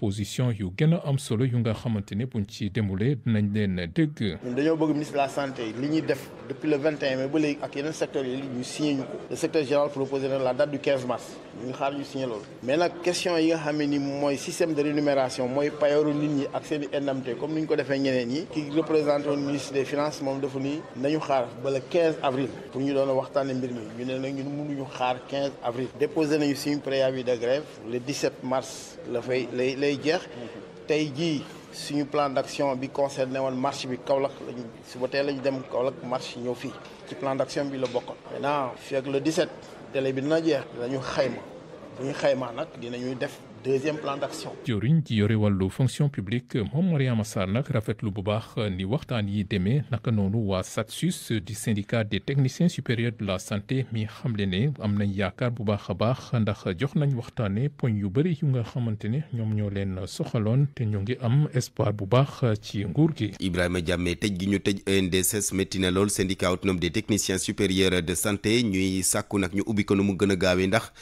position yu gën am solo yu nga xamante ne buñ ci demulee dinañ leen dégg. ñun dañoo bëgg ministre la santé li ñuy def depuis le 21 mai ba léegi ak yeneen secteurs yi ñu signé ko. le secteur général proposé na la date du mars. ñu xaar ñu signé loolu. mais nag question yi nga xam ne ni mooy système de rémunération mooy payooru nit ñi ak seen i comme ni ñu ko defee ñeneen ñi. ki représenté woon ministre des finances moom dafa ni nañu xaar ba le 15 avril pour ñu doon waxtaanee mbir mi ñu ne nag ñun mënuñu xaar 15 avril. déposé nañu suñu préavis de grève le 17 mars la fay lay lay jeex tey jii. suñu plan d'action bi concerné woon marche bi Kaolack lañu suba tey lañu dem Kaolack marche ñëw fii ci plan d'action bi la bokkoon. maintenant fii ak le télé bi dina jeex dinañu xayma bu ñu xaymaa nag dinañuy def deuxième plan d'action. jëwriñ ji yore wàllu fonction publique moom Mariama Sarr nag rafetlu bu baax ni waxtaan yi demee naka noonu waa SATSUS du syndicat des techniciens supérieurs de la santé mi xamle ne am nañ yaakaar bu baax a baax ndax jox nañ waxtaanee poñ yu bëri yu nga xamante ne ñoom ñoo leen soxaloon te ñu ngi am espoir bu baax ci nguur gi. Ibrahima Diame tëj gi ñu tëj ENDSS métti na lool syndicat autonome des techniciens supérieurs de santé ñuy sàkku nag ñu ubbi ko nu mu gën a gaawee ndax.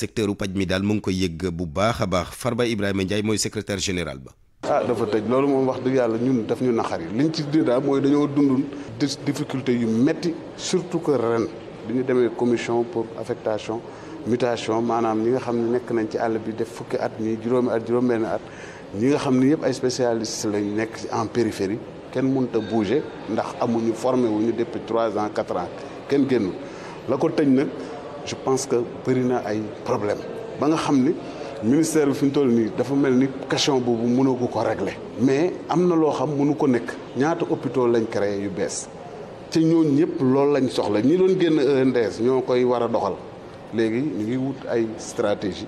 secteur u paj mi daal mu ngi koy yëg bu baax a baax Farba Ibrahima Ndiaye mooy secrétaire général ba. ah dafa tëj loolu moom wax dëgg yàlla ñun daf ñu naxari liñ ci di daal mooy dañoo dundun difficulté yu metti surtout que ren bi ñu demee commission pour affectation mutation maanaam ñi nga xam ne nekk nañ ci àll bi def fukki at ñii juróomi at juróom-benn at ñi nga xam ni yëpp ay spécialistes lañ nekk en périphérie kenn mënut a bouger ndax amuñu formé wuñu depuis trois ans quatre ans kenn génn je pense que bëri na ay problème ba nga xam ni ministère bi fi mu toll nii dafa mel ni question boobu mënagu ko régler mais am na loo xam munu ko nekk ñaata hôpitaux lañ créé yu bees ci ñooñu ñëpp loolu lañ soxla ñi doon génn ENDS ñoo koy war a doxal léegi ñu ngi wut ay stratégie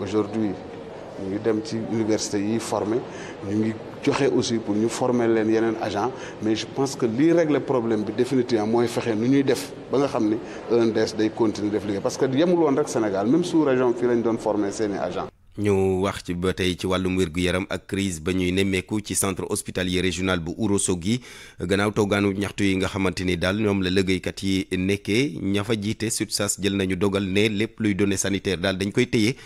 aujourd'hui ñu ngi dem ci université yi formé ñu ngi joxe aussi pour ñu former leen yeneen agent mais je pense que lii régler problème bi définitivement mooy fexe nu ñuy def ba nga xam ni ENDS day continuer def liggéey parce que yemul woon rek Sénégal même su région fii lañ doon former seeni agent ñu wax ci ba tey ci wàllum wér yaram ak crise ba ñuy nemmeeku ci centre hospitalier régional bu uroso Ourossogui gannaaw toggaanu ñaxtu yi nga xamante ni daal ñoom la liggéeykat yi nekkee ñafa fa jiite SUTSAS jël nañu dogal ne lépp luy données sanitaires daal dañ koy téye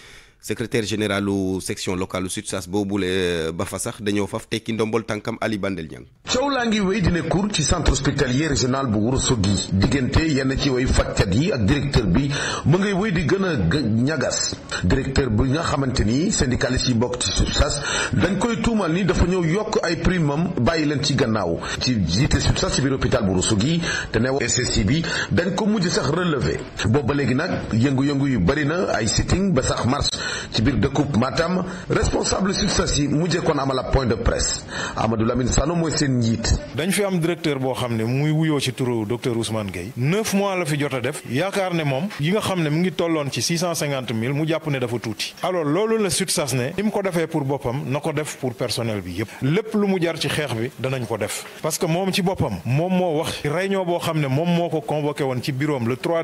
secretaire généralu section locale SUTSAS boobule euh, ba fa sax dañoo faf tekki ndombol tànkam Ali Bandel Niang coow laa ngi wéy dina kur ci centre hospitalier régional bu Ourossogui diggante yenn ci way fajkat yi ak directeur bi mu ngay wéy di gën a ñagas directeur bi nga xamante ni syndicaliste yi bokk ci SUTSAS dañ koy tuumal ni dafa ñëw yokk ay primam bàyyi leen ci gannaaw ci jiite SUTSAS ci biir hôpital bu Ourossogui te ne SSI bi dañ ko mujj sax relevé booba léegi nag yëngu-yëngu yu bari na ay sitting ba sax marche ci biir dëkkub Matam responsable SUTSAS yi mujjee koon amal ab point de presse Amadou Lamine Sano mooy seen njiit. dañ fi am directeur boo xam ne muy wuyoo ci turu docteur Ousmane Gueye neuf mois la fi jot a def yaakaar ne moom yi nga xam ne mu ngi tolloon ci six cent cinquante mille mu jàpp ne dafa tuuti alors loolu la SUTSAS ne ni mu ko defee pour boppam na ko def pour personnel bi yëpp lépp lu mu jar ci xeex bi danañ ko def parce que moom ci boppam moom moo wax réunion boo xam ne moom moo ko convoqué woon ci bureau am le 3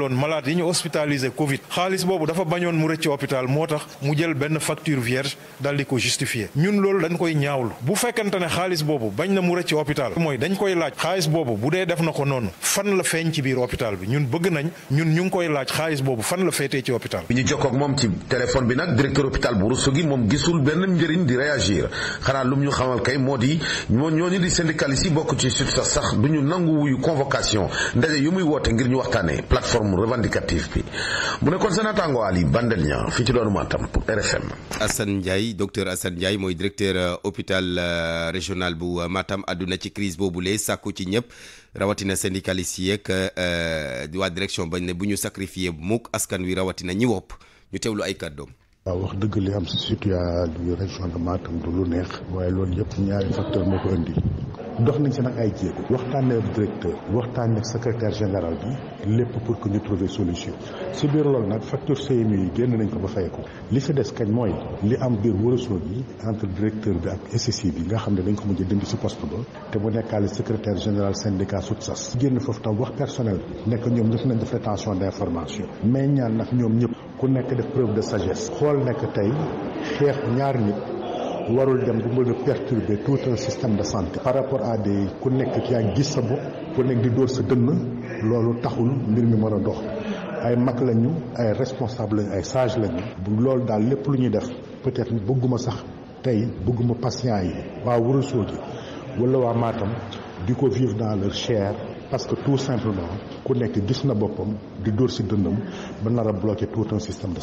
jëloon malade yi ñu hospitalisé Covid xaalis boobu dafa bañoon mu rëcc hôpital moo tax mu jël benn facture vierge daal di ko justifié ñun loolu dañ koy ñaawlu bu fekkante ne xaalis boobu bañ na mu rëcc hôpital mooy dañ koy laaj xaalis boobu bu dee def na ko noonu fan la feeñ ci biir hôpital bi ñun bëgg nañ ñun ñu ngi koy laaj xaalis boobu fan la féetee ci hôpital. bi ñu jokkoog moom ci téléphone bi nag directeur hôpital bu Ourossogui moom gisul benn njëriñ di réagir xanaa lu ñu xamal kay moo di ñooñu di syndicaliste yi bokk sax du ñu nangu wuyu convocation ndaje muy woote ngir ñu waxtaanee forme revendicative bi mu nekkoon sa naataango Ali Bandel Niang fii ci doonu Matam pour RFM. Assane Ndiaye docteur Assane Ndiaye mooy directeur euh, hôpital euh, régional bu euh, maatam àdduna ci crise boobule sàkku ci ñëpp rawatina syndicaliste yi ak waa direction bañ ne bu ñu sacrifié mukk askan wi rawatina ñi wopp ñu teewlu ay kàddoom. waaw wax dëgg li am si situation région de Matam du lu neex waaye loolu yëpp ñaari facteur moo ko indi dox nañ si nag ay jéego waxtaanee ak directeur waxtaanee ak secrétaire général bi lépp pour que ñu trouver solution si biir lool nag facture CMU yi génn nañ ko ba fay ko li si des kañ mooy li am biir wërësoo bi entre directeur bi ak SSI bi nga xam ne dañ ko mujj dindi si poste ba te mu nekkaale secrétaire général syndicat SUTSAS génn foofu tam wax personnel nekk ñoom ñëpp nañ def rétention d' information ñaan nag ñoom ñëpp ku nekk def preuve de sagesse. xool nekk tey xeex ñaar nit. warul dem bu mën a perturber tout un système de santé par rapport à des ku nekk yaa gis sa bopp ku nekk di dóor sa dënn loolu taxul mbir mi mën a dox ay mag lañu ay responsable ay sage lañu bu loolu daal lépp lu ñuy def peut-être bëgguma sax tey bëgguma patient yi waa Ourossogui wala waa Matam di ko vivre dans leur chair parce que tout simplement ku nekk gis na boppam di duur ci dëndam ba nar a tout un système de.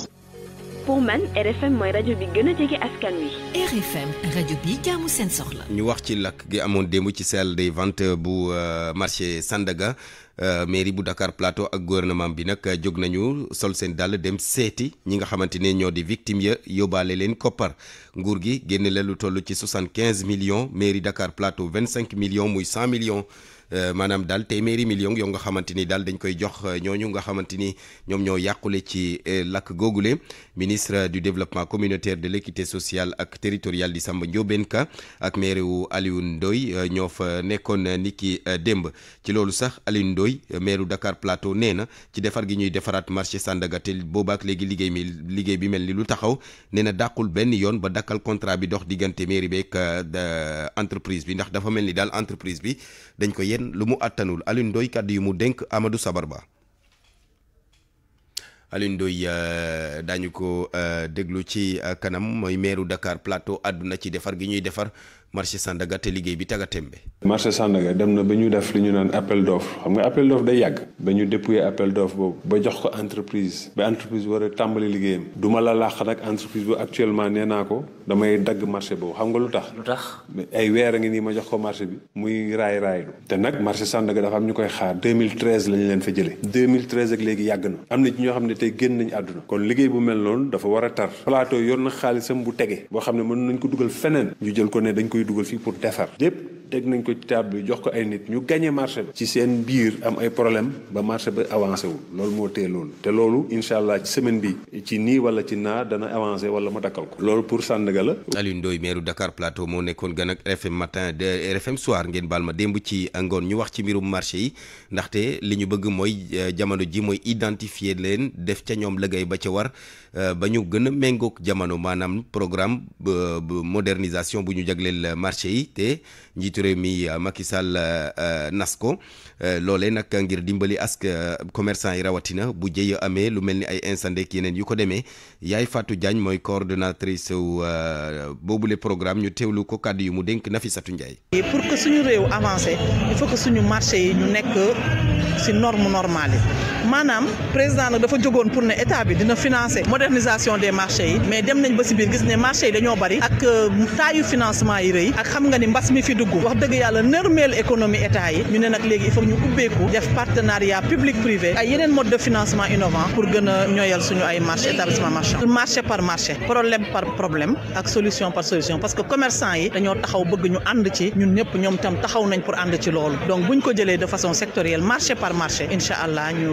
pour man bi gën a jege askan wi. RFM rajo seen soxla. ñu wax ci lakk gi amoon démb ci salle de ventes bu euh, marché Sandaga euh, mairie bu Dakar Plateau ak gouvernement bi nag jóg nañu sol seen dàll dem seeti ñi nga xamante ne ñoo di victime ya yóbbaale leen koppar nguur gi génne la lu toll ci soixante quinze millions mairie Dakar Plateau vingt cinq millions muy cent millions. Euh, maanaam daal téeméeri million yoo nga xamante ni daal dañ koy jox euh, ñooñu nga xamante ni ñoom ñoo yàqule ci euh, lakk googule ministre du développement communautaire de l'équité sociale ak territoriale di Samba Ndiobène Ka ak maire wu Alioune Ndoye ñoo fa nekkoon ni ki démb ci loolu sax Alioune Ndoye maire Dakar Plateau nee na ci defar gi ñuy defaraat marché Sandaga te ak léegi liggéey mi liggéey bi mel ni lu taxaw nee na dàqul benn yoon ba dakkal contrat bi dox diggante mairie beeg entreprise bi ndax dafa mel ni daal entreprise bi lu mu àttanul Alioune Ndoye kàddu yu mu dénk Amadou Sabar Ba Alioune Ndoye euh, daañu ko euh, déglu ci euh, kanam mooy meeru Dakar Plateau àdduna ci defar gi ñuy defar marché Sandaga te liggéey bi taga tembe marché Sandaga dem na ba ñu def li ñu naan appel d'offre xam nga appel d'offre day yàgg ba ñu dépouiller appel d'offre boobu ba jox ko entreprise ba entreprise war a tàmbali liggéeyam du ma la laax nag entreprise bu actuellement nee naa ko damay dagg marché boobu xam nga lu tax lu tax ay weer ngi nii ma jox ko marché bi muy raay raaylu te nag marché Sandaga dafa am ñu koy xaar 2013 lañu leen fa jëlee 2013 ak léegi yàgg na am na ci ñoo xam ne te génn nañu àdduna kon liggéey bu mel noonu dafa war a tar plateau yor na xaalisam bu tegee boo xam ne mën nañ ko dugal feneen ñu jël ko ne dañ ko koy dugal fi pour defar lépp teg nañ ko ci table bi jox ko ay nit ñu gagné marché bi. ci seen biir am ay problème ba marché ba avancé wul loolu moo tee loolu te loolu incha allah ci semaine bi ci nii wala ci naa dana avancé wala ma dakkal ko loolu pour Sandaga la. Alioune Ndoye maire Dakar Plateau moo nekkoon gan ak matin de RFM soir ngeen baal ma démb ci ngoon ñu wax ci mbirum marché yi ndaxte li ñu bëgg mooy euh, jamono ji mooy identifier leen def ca ñoom liggéey ba ca war euh, ba ñu gën a méngoog jamono maanaam programme euh, modernisation bu ñu jagleel marché yi te njiitu njiitu réew mi euh, Macky Sall euh, nas ko euh, loolee ngir dimbali ask commerçant yi rawatina bu jëy amee lu mel ni ay incendie ak yeneen ko demee yaay Fatou Diagne mooy coordonnatrice wu boobule programme ñu teewlu ko kàddu yu mu dénk Nafisatou Ndiaye. pour que suñu réew avancé il faut suñu marché yi ñu nekk ci norme normale yi maanaam président nag dafa jógoon pour ne état bi dina financer modernisation des marchés yi mais dem nañ ba ci biir gis ne marché yi dañoo bari ak taayu wax dëgg yàlla nërmeel économie état yi ñu ne nag léegi il faut ñu ubbeeku def partenariat public privé ay yeneen mode de financement innovant pour gën a suñu ay marché établissement marchand marché par marché problème par problème ak solution par solution parce que commerçant yi dañoo taxaw bëgg ñu ànd ci ñun ñëpp ñoom tam taxaw nañ pour ànd ci loolu donc buñ ko jëlee de façon sectorielle marché par marché incha allah ñu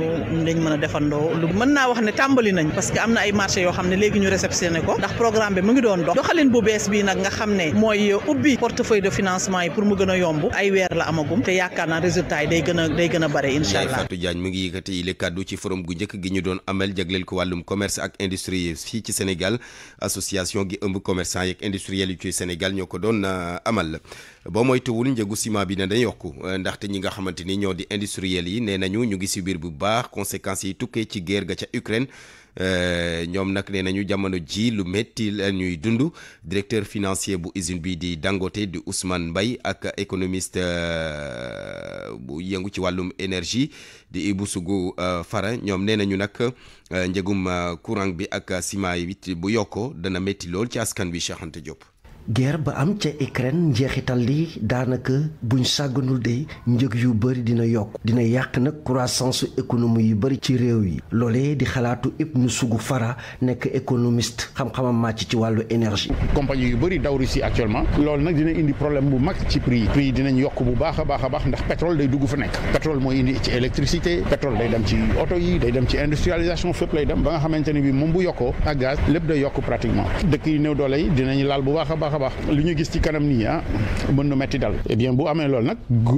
dañ mën a defandoo lu naa wax ne tàmbali nañ parce na ay marché yoo xam ne léegi ñu réceptionné ko ndax programme bi ne mooy ubbi portefeuille mu gën a yomb ay weer la amagum te yaakaar naa résultat yi day gën a day gën a bare incha allah Fatou Diagne mu ngi yëkkati yile kàddu ci forum gu njëkk gi ñu doon amal jagleel ko wàllum commerce ak industrie fii ci Sénégal association gi ëmb commerçant yeeg industriel yi ci Sénégal ñoo ko doon euh, amal la boo moytuwul njëgu ciment bi ne dañ yokku euh, ndaxte ñi nga xamante ni ñoo di industriel yi nee nañu ñu ngi subir bu baax conséquences yi tukkee ci guerre ga ca Ukraine Euh, ñoom nag nee nañu jamono ji lu métti la ñuy dund directeur financier bu usine bi di Dangote di Ousmane mbay ak économiste euh, bu yëngu ci wàllum énergie di Ibou Sougou euh, Fara ñoom nee nañu nag njëgum courant bi ak ciment yi bu yokko dana métti lool ci askan wi Cheikh Anta Diop guerre ba am ca Ukraine njeexital li daanaka buñ sàgganul de njëg yu bëri dina yokk dina yàq nag croissance économie yu bëri ci réew yi loolee di xalaatu Ibn Sugufara nekk économiste xam-xamam màcc ci wàllu énergie. compagnie yu bari daw Russie actuellement lool nag dina indi problème bu mag ci prix yi prix yi yokk bu baax a baax a baax ndax pétrole day dugg fa nekk pétrole mooy indi ci électricité pétrole day dem ci oto yi day dem ci industrialisation fépp lay dem ba nga xamante ne bi moom bu yokkoo ak lépp day yokk pratiquement baax a li ñu gis ci kanam nii ah mën na métti dal eh bien bu amee lool nag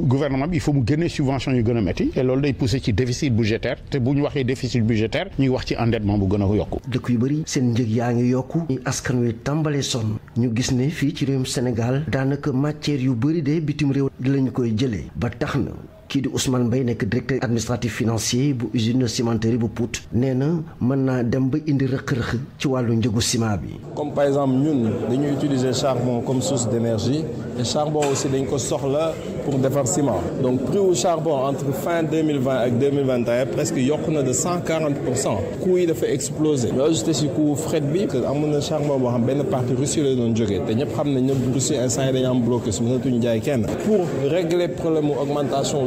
gouvernement bi il faut mu génnee subvention yu gën a métti et loolu day poussé ci déficit budgétaire te bu ñu waxee déficit budgétaire ñuy wax ci endettement bu gën a yokku dëkk yu bëri seen njëg yaa ngi yokk yokku askan wi tàmbalee sonn ñu gis ne fii ci réewum Sénégal daanaka matière yu bëri de bitim réew di lañ koy jëlee ba tax na kii di Ousmane Mbaye nekk directeur administratif financier bu usine cimenterie bu Pout nee na mën naa dem ba indi rëq-rëq ci wàllu njëgu ciment bi. comme par exemple ñun dañuy utiliser charbon comme source d'énergie et charbon aussi dañ ko soxla pour defar ciment donc prix wu charbon entre fin deux mille vingt ak mille vingt et un presque yokk na de cent yi dafa exploser ñu ajouté si coût fret bi que amoon na charbon boo xam benn partie Russie la doon jógee te ñëpp xam nañ ne Russie instant yi dañu am blocus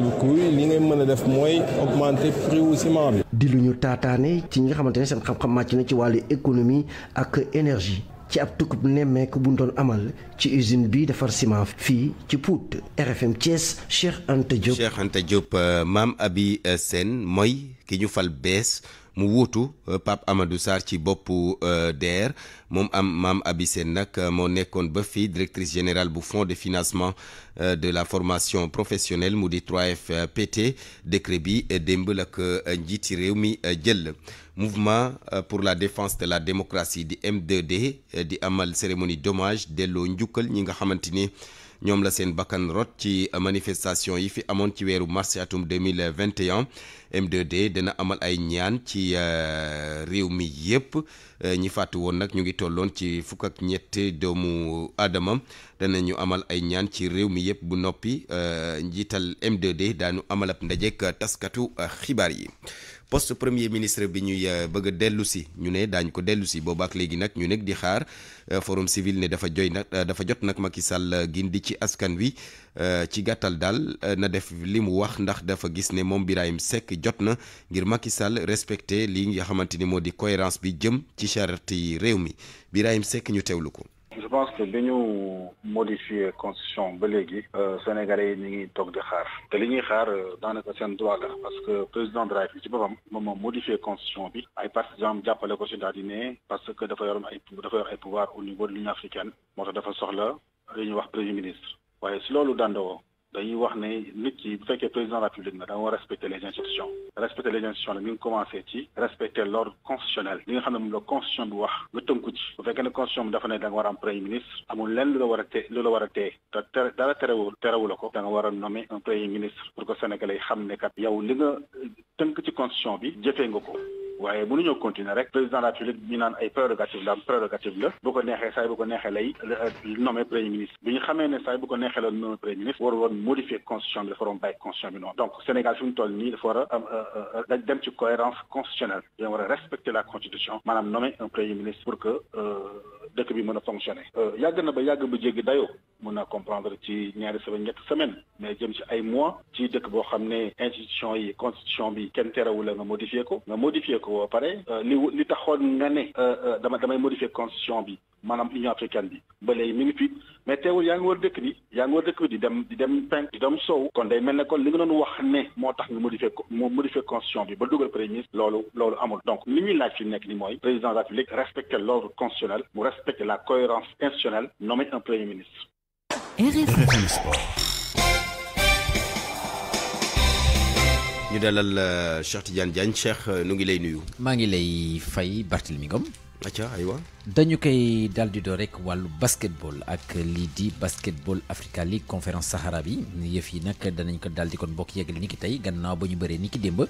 du coup li ngay mën a def mooy augmenter prix wu bi. di lu ñu taataane ci ñi nga xamante ne seen xam-xam màcc na ci wàllu économie ak énergie. ci ab tukkub nemmeek bu ñu doon amal ci usine bi defar ciment fii ci Pout RFM Thiès Cheikh Anta Diop. Cheikh maam Abi seen mooy ki ñu fal bees. mu wuutu euh, Pape Amadou Sarr ci boppu euh, DER moom am maam Abi nag euh, moo nekkoon ba fii directrice générale bu fonds de financement de la formation professionnelle mu di 3 pt décret bi démb la ko njiiti réew mi jël. mouvement pour la défense de la démocratie di m di amal cérémonie d'hommage delloo njukkal ñi nga xamante ni. ñoom la seen bakkan rot ci manifestation yi fi amoon ci weeru mars atum 2021 M2D dana amal ay ñaan ci euh, réew mi yëpp euh, ñi fàttu woon nag ñu ngi tolloon ci fukk ak ñetti doomu aadama danañu amal ay ñaan ci réew mi yëpp bu noppi euh, njiital M2D daanu amal ab ndajeek taskatu xibaar yi poste premier ministre bi ñuy euh, bëgg dellusi ñu ne daañ ko dellusi si ak léegi nag ñu nekk di xaar euh, forum civil ne dafa joy nag euh, dafa jot nag Macky Sall gindi ci askan wi ci gàttal daal na def li mu wax ndax dafa gis ne moom Birahim Seck jot na ngir Macky Sall respecté li nga xamante ni moo di cohérence bi jëm ci charte réew mi Birahim Seck ñu teewlu ko je pense que bi ñu modifié constitution ba léegi euh, sénégalais yi ñu ngi toog di xaar te li ñuy xaar euh, daanaka seen droit la parce que président de la République ci boppam moom moo modifié constitution bi ay partisans jàppale ko si daal di ne parce que dafa yoroon ay dafa yor ay pouvoir au niveau de l'Union africaine moo tax dafa soxla li ñuy wax premier ministre waaye si loolu dandoo dañuy wax ne nit ki bu fekkee président de la République na da war respecter les institutions respecter les institutions la commencé ci respecter l'ordre constitutionnel li nga xam ne moom la constitution bi wax nga tënku ci bu fekkee ne constitution bi dafa ne war a am premier ministre amul lenn lu la war a te lu la war a tee te tere dara terewu terewu la ko da nga war a nommer un premier ministre pour que sénégalais xam ne kat yow li nga tënk ci constitution bi jëfee nga ko waaye ñëw continuer rek président de la République ñu naan ay prérogative la prérogative la bu ko neexee saay bu ko neexee lay euh, nommé premier ministre bi ñu xamee ne saay bu ko neexee la nommé premier ministre war woon modifier constitution bi dafa waroon constitution bi noonu donc Sénégal fi mu toll nii dafa war a am euh, euh, dem ci cohérence constitutionnelle dañoo war a respecter la constitution maanaam nommer un premier ministre pour que dëkk bi mën a fonctionner yàgg na ba yàgg ba jéggi dayoo mën a comprendre ci ñaari semaine ñetti semaine mais jëm ci ay mois ci dëkk boo xam ne institution yi constitution bi kenn terewu la nga modifié ko nga modifié ko ba pare euh, li li taxoon nga ne euh, euh, dama damay modifié constitution bi maanaam union africaine bi ba léegi mi ngi fi mais yaa ngi war dëkk bi yaa ngi war dëkk bi di dem di dem penk di dem sow kon day mel ne kon li nga doon wax ne moo tax nga modifié ko moo modifié constitution bi ba dugal premier loolu loolu amul donc li ñuy laaj fi nekk ni mooy président de la République respecter l'ordre constitutionnel la cohérence institutionnelle nommer un premier RFM Sport ñu dalal euh, Cheikh Tidiane Diagne Cheikh euh, nu ngi lay nuyu. maa ngi lay fay Barthélemy Ngom. acca aywa. dañu koy daal di doo rek wàllu basketball ak lii di basketball Africa League conférence Sahara yi yëf yi nag danañ ko daal di kon bokk yeggali ni nikki tey gannaaw ba ñu baree nikki démb.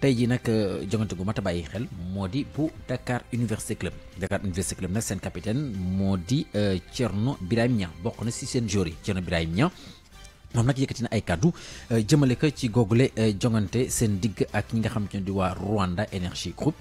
tey jii nag euh, jongante gu mat a bàyyi xel moo di bu Dakar Université Club Dakar Université Club nag seen capitaine moo di euh, Thierno Birahim Niang bokk na si seen joueur yi Thierno Birahim Niang moom nag yëkkati na ay kàddu euh, jëmale ko ci googule jongante seen digg ak ñi nga xam ne di waa Rwanda Energy Group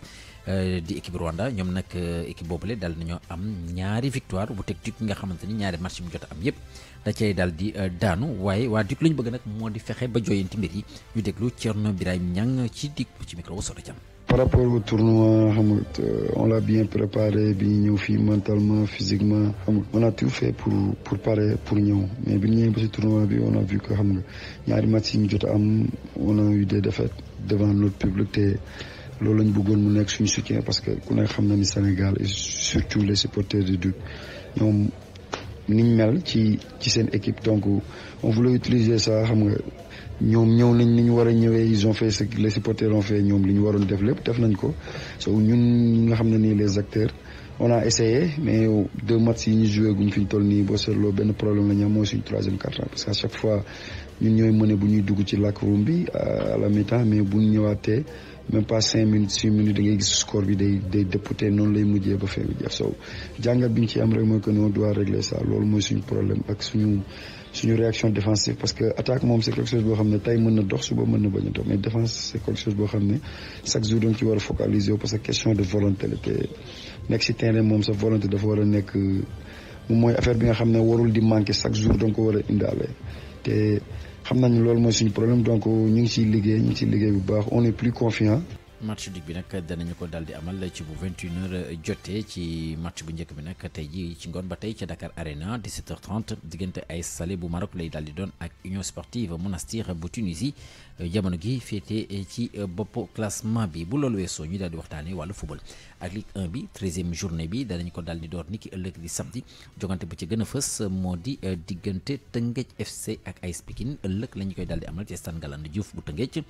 di équipe Rwanda ñoom nag équipe boobule dal nañoo am ñaari victoire bu teg di nga xamante ni ñaari match mu jot am yëpp. da cay daal di euh, daanu waaye waa DIC lu bëgg nag moo di fexe ba jooyanti mbir yi ñu déglu Thierno Birahim Niang ci DIC ci micro wu Soda Thiam. par rapport au tournoi xam nga euh, on l'a bien préparé bi ñu ñëw fii mentalement physiquement xam nga on a tout fait pour pour parer pour ñëw mais bi ñu ñëwee ba si tournoi bi on a vu que xam nga ñaari mat yi ñu jot a am on a eu des défaites devant notre public te loolu lañ bëggoon mu nekk suñu soutien parce que ku nekk xam na ni Sénégal et surtout les supporters du Duc niñ mel ci ci seen équipe donc on voulait utiliser ça xam nga ñoom ñëw nañ ni ñu war a ñëwee ils ont fait ce que les ñoom li ñu waroon def lépp def nañ ko so ñun nga xam ne nii les acteurs on a essayé mais deux matchs yi ñu joué guñ fi ñu toll nii boo seetloo benn problème la ñu am mooy suñu troisième carton parce que à chaque fois ñun ñooy mëne bu ñuy dugg ci locker room bi euh, à la mi-temps mais buñ ñëwaatee même pas cinq minutes six minutes da ngay gis score bi day day député noonu lay mujjee ba feebu jeex sow jàngat bi ñu ci am rek mooy que nous doit régler ça loolu mooy suñu problème ak suñu suñu réaction défensive parce que attaque moom c'est quelque boo xam ne tey mën na dox suba mën na bañ a dox mais défense c'est quelque chose boo xam ne chaque jour danga ci war a focaliser parce question de volonté te nekk si terrain moom sa volonté dafa war a nekk moom mooy affaire bi nga xam ne warul di manquer chaque jour danga ko war a indaale xam nañ loolu mooy suñu problème donc ñu ngi ciy liggéey ñu ngi ciy liggéey bu baax on est plus confiant match dig bi nag danañu ko daal di amal ci bu 21h jotee ci match bu njëkk bi nag tey ji ci ngoon ba tey ca Dakar Arena 17h30 diggante ay Salé bu Maroc lay daal di doon ak Union Sportive Monastir bu Tunisie jamono gi féete ci bopp classement bi bu loolu weesoo ñu daal di waxtaanee wàllu football ak Ligue 1 bi 13 journée bi danañ ko daal di door niki ëllëg di samedi jogante bu ci gën a fës moo di eh, diggante Tëngéej FC ak AS Pikine ëllëg lañu koy daal di amal ci stade Ngalandou Diouf bu Tëngéej.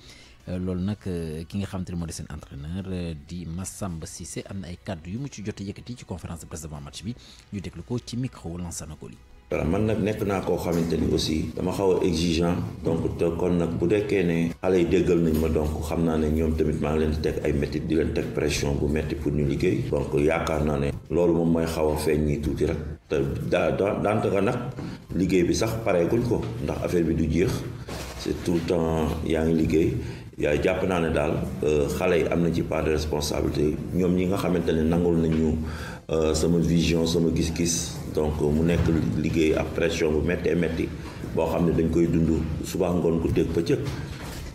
Euh, loolu nag euh, ki nga xamante ne moo di seen entraîneur euh, di si Cissé am na ay kàddu yu mu ci jot a yëkkati ci conférence de presse avant match bi ñu déglu ko ci micro Lansana Coly voilà man nag nekk naa koo xamante ni aussi dama xaw a exigeant donc te kon nag bu dekkee ne xale yi déggal nañ ma donc xam naa ne ñoom tamit maa ngi leen di teg ay métti di leen teg pression bu métti pour ñu liggéey donc yaakaar naa ne loolu moom mooy xaw a feeñ nii tuuti rek te daa daantaka nag liggéey bi sax pareeguñ ko ndax affaire bi du jeex c'est tout yaa ngi liggéey yaa jàpp naa ne daal euh, xale yi am na ci part de responsabilité ñoom ñi nga xamante ne nangul nañu euh, sama vision sama gis-gis donc euh, mu nekk liggéey ak pression bu méttee métti boo xam ne dañ koy dund suba ngoon guddeeg bëccëg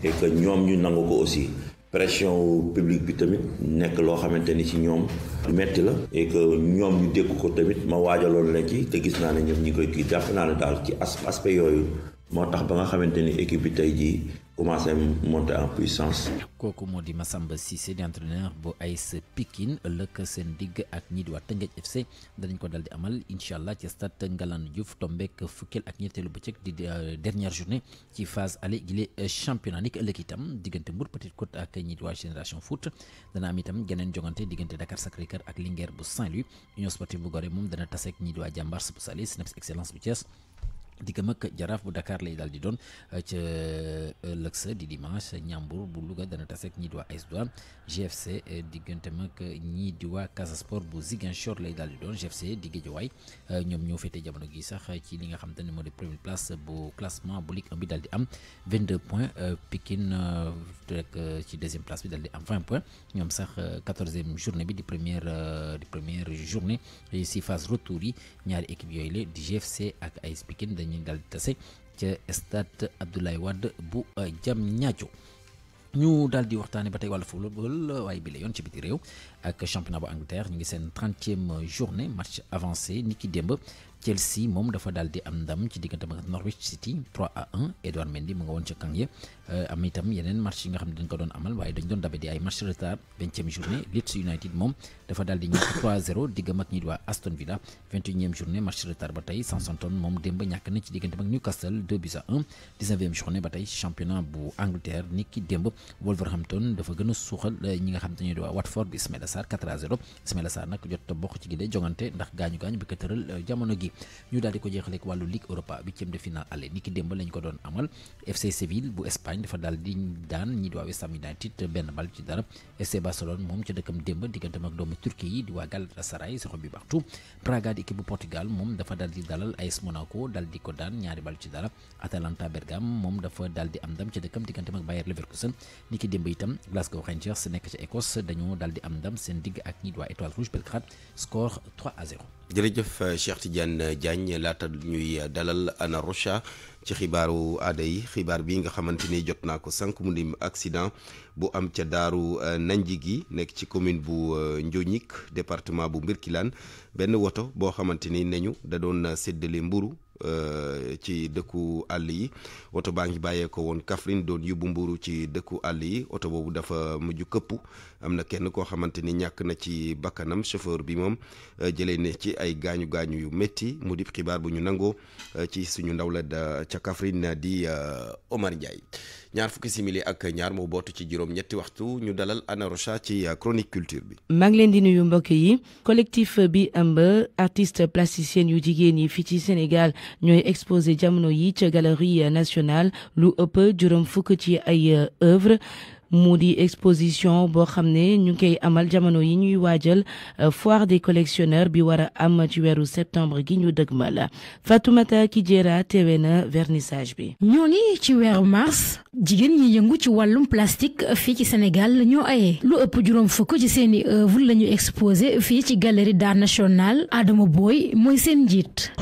et que ñoom ñu nangu ko aussi pression publique bi tamit nekk loo xamante ni ci ñoom metti la et ñoom ñu dégg ko tamit ma waajaloon leen ci te gis naa ne ñoom ñi koy kii jàpp naa ne daal ci as aspect yooyu moo tax ba nga xamante ni équipe bi tey jii commencé monter en puissance. kooku moo di Massamba Cissé di entraîneur bu AS Pikine ëllëg seen digg ak ñi di waa Tëngéej FC danañ ko dal di amal incha allah ci stade Ngalandou Diouf tombeek fukkeel ak ñetteelu bëccëg di euh, dernière journée ci phase aller gile euh, championnat ni ëllëg itam diggante Mbour Petite Côte ak ñi di waa Génération Foot dana am itam geneen jongante diggante Dakar Sacré-Cœur ak Linguère bu Saint-Louis Union Sportive bu Gorée moom dana taseek ñi di waa Jàmbaar bu Saly diggam ak jaraaf bu Dakar lay daal di doon euh, ca ëllëg euh, sa di dimanche Ñambur bu Louga dana tase ak ñii di waa AS Douanes GFC euh, diggante mag ñii di waa Casa Sport bu Ziguinchor lay daal di doon GFC di Guédiawaye ñoom ñoo fete jamono gi sax ci li nga xam te ne moo de première place bu classement bu Ligue bi daal di am 22 points Pikine rek ci deuxième place bi daal di am 20 points ñoom sax quatorzième journée bi di première di première journée si phase retour yi ñaari équipe yooyu la la ñuy dal tase ca stade Abdoulaye Wade bu Diamniadio uh, ñu daal di waxtaanee ba tey wàllu football uh, waaye bi la ci biti réew ak championnat bu Angleterre ñu ngi seen trentième journée match avancé ni ki démb Chelsea moom dafa daal di am ndam ci digganteem ak Norwich City 3 à 1 Edouard Mendy mu nga woon ca kang euh, am itam yeneen match nga xam ne dañ ko doon amal waaye dañ doon dabe di ay match retard vingtième journée United moom dafa daal di ñàkk ci digganteem ak Newcastle 2 buts à dix-neuvième journée ba tey championnat bu Angleterre ni démb Wolverhampton dafa gën a suuxal euh, ñi nga xam ne ñoo di waa Watford bi Ismaila Sarr jot a bokk ci gi jongante ndax ñu daal di ko jeexaleeg wàllu Ligue Europa huitième de finale aller niki démb lañ ko doon amal FC Séville bu Espagne dafa daal daan ñi di waa West Ham United benn bal ci dara FC Barcelone moom ca dëkkam démb digganteem ak doomu Turquie yi di waa Galatasaray soxo bi baxtu Braga di équipe bu Portugal moom dafa daal di dalal AS Monaco daal di ko daan ñaari bal ci dara Atalanta Bergam moom dafa daal di am ndam ca dëkkam digganteem ak Bayer Leverkusen niki démb itam nekk ca Écosse dañoo daal di am ndam seen digg ak ñi di waa jërëjëf euh, Cheikh Tidiane Diagne laata ñuy euh, dalal Ana Rocha ci xibaaru aada yi xibaar bi nga xamante ni jot naa ko sànq mu accident bu am ca daaru euh, Nanji gi nekk ci commune bu Njoñik département bu Mbirkilaan benn woto boo xamante ni nañu dadoon doon séddale mburu Euh, ci dëkku àll yi oto baa ngi bàyyee ko woon Kaffrine doon yóbbu mburu ci dëkku àll yi oto boobu dafa mujj këpp am na kenn koo xamante ni ñàkk na ci bakkanam chauffeur bi moom euh, jëlee ne ci ay gaañu gaañu yu métti mu di xibaar bu ñu nangoo euh, ci suñu ndaw la ca Kaffrine di Omar Ndiaye. ñaar fukki simili ak ñaar moo bootu ci juróom ñetti waxtu ñu dalal Anna Rocha ci chronique culture bi. maa ngi leen di nuyu mbokk yi collectif bi ëmb artiste plasticienne yu jigéen yi fii ci Sénégal ñooy exposé jamono yi ca galerie nationale lu ëpp juróom fukk ci ay euh, œuvre mu di exposition boo xam ne ñu ngi koy amal jamono yi ñuy waajal euh, foire de collectionneurs bi war a am ci weeru septembre gi ñu dëgmal Fatoumata Kijera teewe na vernissage bi. ñoo ngi ci weeru mars jigéen ñi yëngu ci wàllum plastik fii ci Sénégal ñoo aye lu ëpp juróom fukk ci seeni œuvre la exposé fii ci galerie d'art national aadama Boy mooy seen njiit.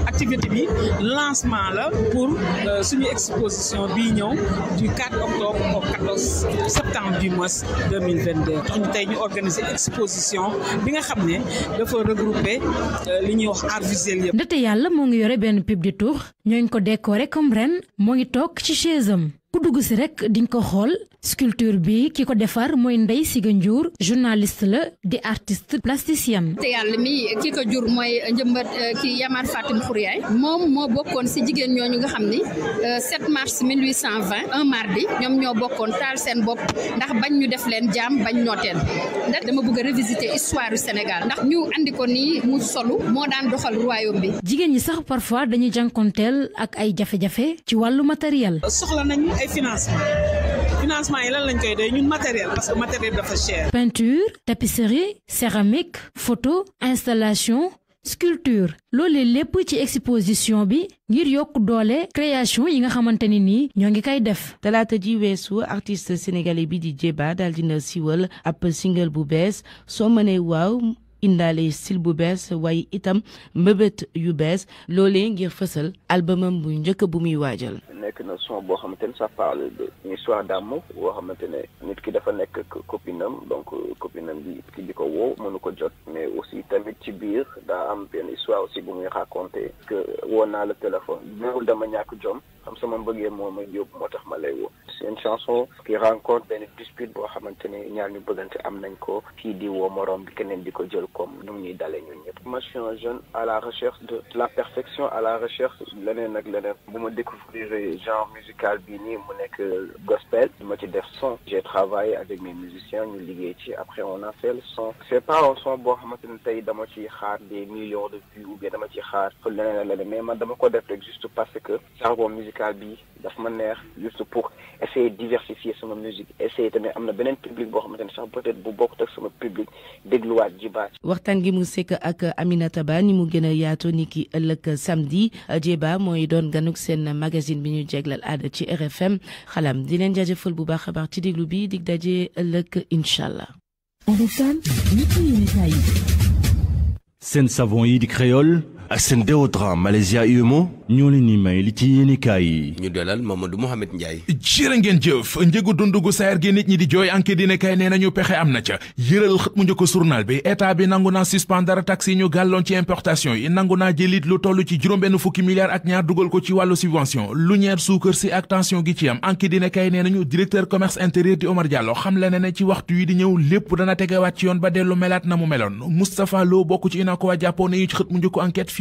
septembre du mois 2022 tax ñu tey ñu organiser exposition bi nga xam ne dafa regrouper euh, li ñuy wax art visuel yëpp. yàlla moo ngi yore benn pipe di tour ñooñ ko rek comme ren moo ngi toog ci chaise am ku dugg si rek di diñ ko xool sculpture bi ki ko defar mooy Ndeye Siga Ndiour journaliste la di artiste plasticien. te yàlla mi ki ko jur mooy njëmbat euh, ki Yamar Fatim Khouriaye moom moo bokkoon si jigéen ñoo ñu nga xam ni 7 euh, mars 1820 un mardi ñoom ñoo bokkoon taal seen bopp ndax bañ ñu def leen jaam bañ nooteel ndax dama bëgg a revisiter histoire du Sénégal ndax ñu andi nii mu solu moo daan doxal royaume bi. jigéen ñi sax parfois dañuy jànkoonteel ak ay jafe-jafe ci wàllu matériel. soxla financement yi lan lañ koy doy ñun lépp ci exposition bi ngir yokk doole création yi nga xamante ni nii ñoo ngi koy def. talaata ji weesu artiste sénégalais bi di Djeba daal dina siiwal ab single bu bees soo mënee waaw. indaale sil bu bees waaye itam mbëbët yu bees loolee ngir fësal albumam bu njëkk bu muy waajal. nekk na son boo xamante ne ça parle de une histoire d'amour boo xamante ne nit ki dafa nekk copinam donc copinam bi ki di ko woo mënu ko jot mais aussi tamit ci biir daa am benn histoire aussi bu muy raconté que woo naa la téléphone. ñëwul dama ñàkk jom xam sama mbëggee moo ma yóbbu moo tax ma lay woo. seen chanson qui rencontre benn dispute boo xamante ne ñaar ñu bëggante am nañ ko kii di woo morom bi keneen di ko jël comme nu ñuy dalee ñun ñëpp formation jeune à la recherche de la perfection à la recherche leneen ak leneen bu ma découvrir genre musical bii nii mu nekk gospel ma ci def son j'ai travaillé avec mes musiciens ñu liggéey ci après on a fait le son c'est pas un son boo xamante ne tey dama ci xaar des millions de vues ou bien xaar leneen ak leneen mais dama ko def rek parce que jargon musical daf ma neex juste pour essayer diversifier sama musique essayer tamit am na beneen public boo xamante ne sax peut bu bokkut ak sama public dégluwaat Jeeba. waxtaan gi mu sekk ak Aminata Ba ni mu gën a yaatoo ni ki ëllëg samedi Jeeba mooy doon ganuk seen magasin bi ñu jeglal aada ci RFM xalam di leen jaajëfal bu baax a baax ci déglu bi dig daje ëllëg incha allah. seen savon yi di créole. ak seen déodorant Malaysia UMO ñoo leen ni may li ci yéenekaay yi. ñu dalal Mamadou Mouhamed Ndiaye. jërë ngeen jëf njëgu dund gu seer gi nit ñi di jooy enquête dina kay nee nañu pexe am na ca yëral xët mu njëkk bi état bi nangu naa suspendre taxe yi ñu gàlloon ci importation yi nangu naa jëlit lu toll ci juróom-benn fukki milliards ak ñaar dugal ko ci wàllu subvention lu ñeer suukar si ak tension gi ci am enquête dina kay nee nañu directeur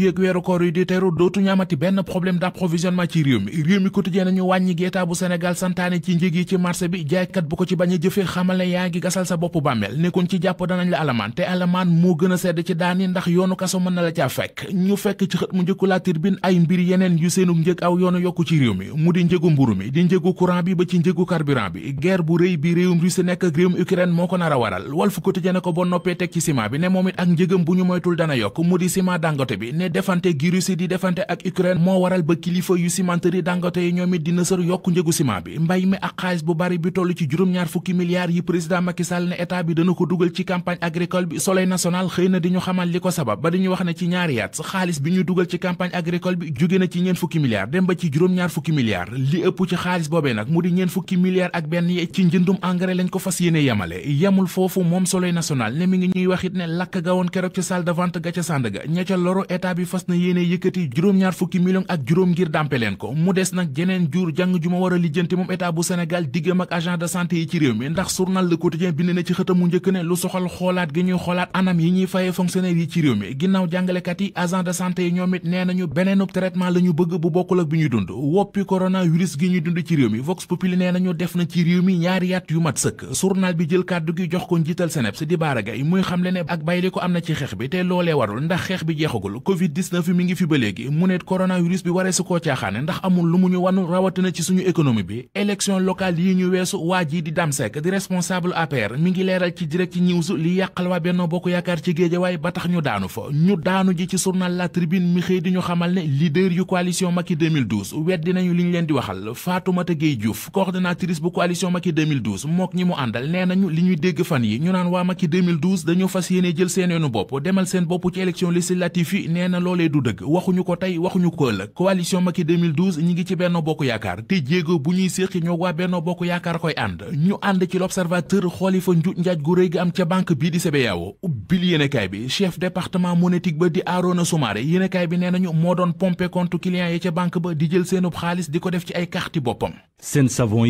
fii ak weeru koor yi di teru dootuñu amati benn problème d'approvisionnement ci réew mi réew mi quotidien nañu wàññi gi état santaane ci njëg yi ci marché bi jaaykat bu ko ci bañ a jëfee xamal ne yaa ngi gasal sa bopp bàmmeel nekkoon ci jàpp danañ la alamaan te alamaan moo gën a sedd ci daan ndax yoonu kaso mën na la caa fekk ñu fekk ci xët mu njëkku la Tribune ay mbir yeneen yu seenu njëg aw yoonu yokk ci réew mi mu di njëgu mburu mi di njëgu courant bi ba ci njëgu carburant bi guerre bu rëy bi réewum Russie nekk moo ko nar a ko ba noppee teg ci moom it ak njëgam bu ñu moytul dana yokk mu ne defante gi Russie di defante ak Ukraine moo waral ba kilifa yu cimenterie Dangote yi ñoom it dina sër yokk njëgu ciment bi mbay mi ak xaalis bu bari bi toll ci juróom yi président Macky ne état bi dana ko dugal ci campagne agricole bi Soleil national xëy na di ñu xamal li ko sabab ba dañuy wax ne ci ñaari yaat xaalis bi ñu dugal ci campagne agricole bi jóge na ci ñeen dem ba ci juróom li ëpp ci xaalis boobee nag mu di ñeen fukki milliards ak état bi fas na yéene yëkkati juróom-ñaar fukki million ak juróom ngir dàmpe leen ko mu des nag jeneen jur jàng ju ma war a lijjanti moom état bu Sénégal diggam ak agent de santé yi ci réew mi ndax journal Le Quotidien bind na ci xëtamu njëkk ne lu soxal xoolaat gi ñuy xoolaat anam yi ñuy fayee fonctionnaire yi ci réew mi ginnaaw jàngalekat yi agent de santé yi ñoom it nee nañu beneenub traitement la ñu bëgg bu bokkul ak bi ñuy dund woppi coronavirus gi ñuy dund ci réew mi Vox Populi nee nañu def na ci réew mi ñaari yat yu mat sëkk journal bi jël kàddu gi jox ko njiital Seneps di baaragay muy xamle ne ak bayli ko am na ci xeex bi te loolee warul ndax xeex bi covid 19 bi mi ngi fi ba léegi mu ne coronavirus bi waree su koo ndax amul lu mu ñu wanu rawatina ci suñu économie bi élection locale yi ñu weesu waa ji di Dame di responsable APR mi ngi leeral ci direct ci news li yàqal waa Benno Bokk Yaakaar ci Géejawaay ba tax ñu daanu fa ñu daanu ji ci journal La mi xëy di ñu xamal ne leader yu coalition Macky 2012 weddi nañu li ñu leen di waxal Fatoumata Gueye Diouf coordonnatrice bu coalition Macky na loolee du dëgg waxuñu ko tey waxuñu ko ëllëg coalition Macky 2012 ñi ngi ci Benno Bokk Yaakaar te jéego bu ñuy séqi ñoo waa Benno Bokk Yaakaar koy ànd ñu ànd ci l'observateur xooli fa njuuj njaaj gu rëy gi am ca banque bii di CBAO ubbil yéenekaay bi chef département monétique ba di Arona Soumaré yéenekaay bi nee nañu moo doon pomper compte client yi ca banque ba di jël seenub xaalis di ko def ci ay carte boppam